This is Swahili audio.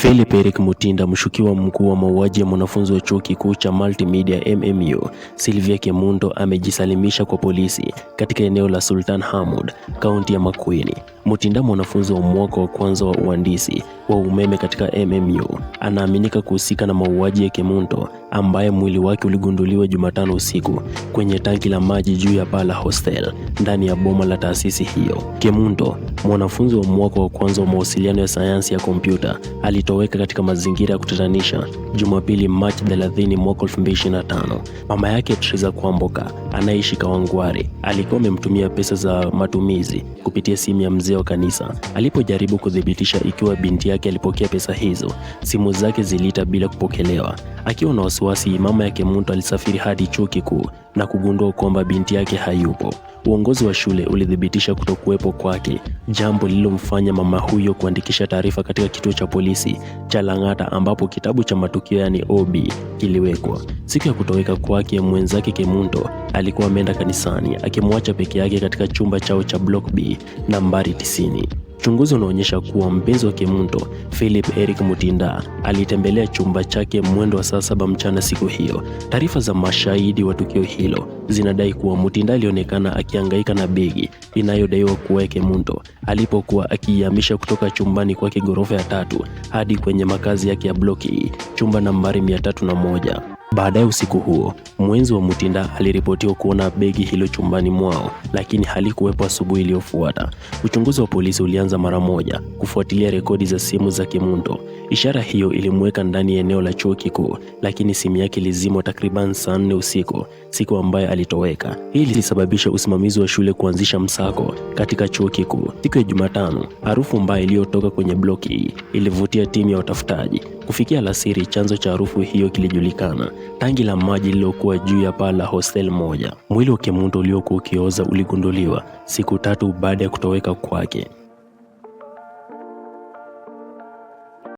Philip Eric Mutinda, mshukiwa mkuu wa mauaji ya mwanafunzi wa chuo kikuu cha Multimedia MMU Sylvia Kemundo amejisalimisha kwa polisi katika eneo la Sultan Hamud, kaunti ya Makueni. Mutinda, mwanafunzi wa mwaka wa kwanza wa uhandisi wa umeme katika MMU, anaaminika kuhusika na mauaji ya Kemunto ambaye mwili wake uligunduliwa Jumatano usiku kwenye tanki la maji juu ya paa la hostel ndani ya boma la taasisi hiyo. Kemunto, mwanafunzi wa mwaka wa kwanza wa mawasiliano ya sayansi ya kompyuta, alitoweka katika mazingira ya kutatanisha Jumapili, Machi 30 mwaka 2025. Mama yake Triza Kwamboka anayeishi Kawangware alikuwa amemtumia pesa za matumizi kupitia simu ya mzee mzee wa kanisa. Alipojaribu kuthibitisha ikiwa binti yake alipokea pesa hizo, simu zake ziliita bila kupokelewa. Akiwa na wasiwasi, mama yake Muntu alisafiri hadi chuo kikuu na kugundua kwamba binti yake hayupo. Uongozi wa shule ulithibitisha kutokuwepo kwake, jambo lililomfanya mama huyo kuandikisha taarifa katika kituo cha polisi cha Lang'ata, ambapo kitabu cha matukio yaani OB kiliwekwa. Siku ya kutoweka kwake, mwenzake Kemunto alikuwa ameenda kanisani, akimwacha peke yake katika chumba chao cha block B nambari 90. Uchunguzi unaonyesha kuwa mpenzi wa Kimundo, Philip Eric Mutinda, alitembelea chumba chake mwendo wa saa saba mchana siku hiyo. Taarifa za mashahidi wa tukio hilo zinadai kuwa Mutinda alionekana akihangaika na begi inayodaiwa kuwa ya Kimundo alipokuwa akiihamisha kutoka chumbani kwake ghorofa ya tatu hadi kwenye makazi yake ya bloki chumba nambari 301. Baadaye usiku huo, mwenzi wa Mutinda aliripotiwa kuona begi hilo chumbani mwao, lakini halikuwepo asubuhi iliyofuata. Uchunguzi wa polisi ulianza mara moja kufuatilia rekodi za simu za Kimundo. Ishara hiyo ilimweka ndani ya eneo la chuo kikuu, lakini simu yake ilizimwa takriban saa nne usiku, siku ambayo alitoweka. Hii ilisababisha usimamizi wa shule kuanzisha msako katika chuo kikuu. Siku ya Jumatano, harufu mbaya iliyotoka kwenye bloki hii ilivutia timu ya watafutaji. Kufikia alasiri, chanzo cha harufu hiyo kilijulikana tangi la maji lilokuwa juu ya paa la hostel moja. Mwili wa Kemunto uliokuwa ukioza uligunduliwa siku tatu baada ya kutoweka kwake.